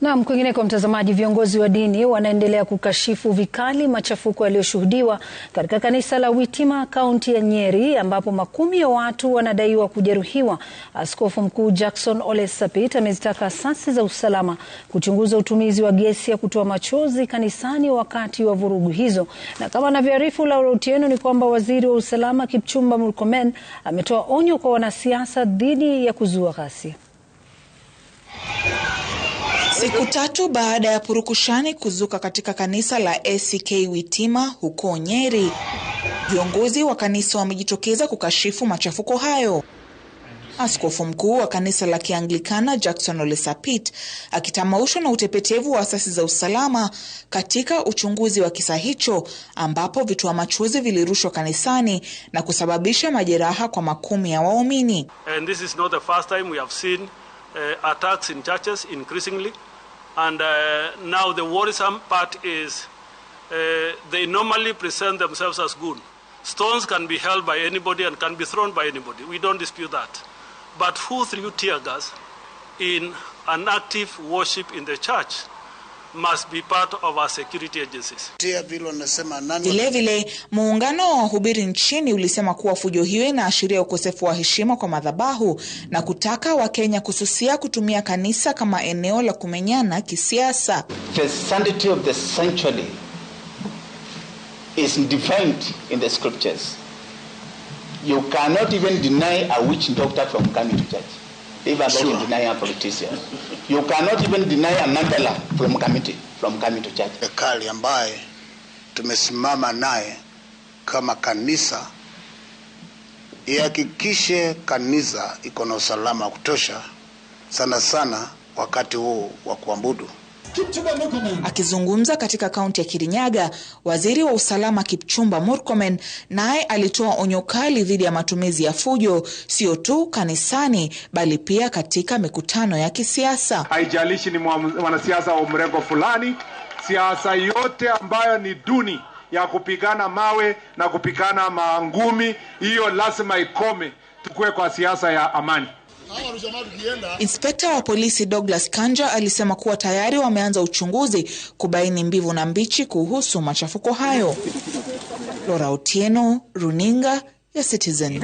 Naam, kwingineko mtazamaji, viongozi wa dini wanaendelea kukashifu vikali machafuko yaliyoshuhudiwa katika kanisa la Witima kaunti ya Nyeri ambapo makumi ya watu wanadaiwa kujeruhiwa. Askofu Mkuu Jackson Ole Sapit amezitaka asasi za usalama kuchunguza utumizi wa gesi ya kutoa machozi kanisani wakati wa vurugu hizo, na kama anavyoarifu Laura Otieno ni kwamba waziri wa usalama Kipchumba Murkomen ametoa onyo kwa wanasiasa dhidi ya kuzua ghasia. Siku tatu baada ya purukushani kuzuka katika kanisa la ACK Witima huko Nyeri, viongozi wa kanisa wamejitokeza kukashifu machafuko hayo. Askofu mkuu wa kanisa la Kianglikana Jackson Ole Sapit akitamaushwa na utepetevu wa asasi za usalama katika uchunguzi wa kisa hicho ambapo vitoa machozi vilirushwa kanisani na kusababisha majeraha kwa makumi ya waumini. And this is not the first time we have seen, uh, attacks in churches increasingly. And uh, now the worrisome part is uh, they normally present themselves as good. Stones can be held by anybody and can be thrown by anybody. We don't dispute that. But who threw tear gas in an active worship in the church? must be part of our security agencies. Vilevile, muungano wa wahubiri nchini ulisema kuwa fujo hiyo inaashiria ukosefu wa heshima kwa madhabahu na kutaka Wakenya kususia kutumia kanisa kama eneo la kumenyana kisiasa. The the the sanctity of sanctuary is defined in scriptures. You cannot even deny a witch doctor from coming to church. Even sure. can deny a politician. You cannot even deny a member from committee, from committee to church. Serikali ambaye tumesimama naye kama kanisa ihakikishe kanisa iko na usalama wa kutosha, sana sana wakati huu wa kuabudu. Akizungumza katika kaunti ya Kirinyaga, waziri wa usalama Kipchumba Murkomen naye alitoa onyo kali dhidi ya matumizi ya fujo, sio tu kanisani, bali pia katika mikutano ya kisiasa. Haijalishi ni mwanasiasa wa mrengo fulani, siasa yote ambayo ni duni ya kupigana mawe na kupigana maangumi, hiyo lazima ikome. Tukue kwa siasa ya amani. Inspekta wa polisi Douglas Kanja alisema kuwa tayari wameanza uchunguzi kubaini mbivu na mbichi kuhusu machafuko hayo. Lora Otieno, Runinga ya Citizen.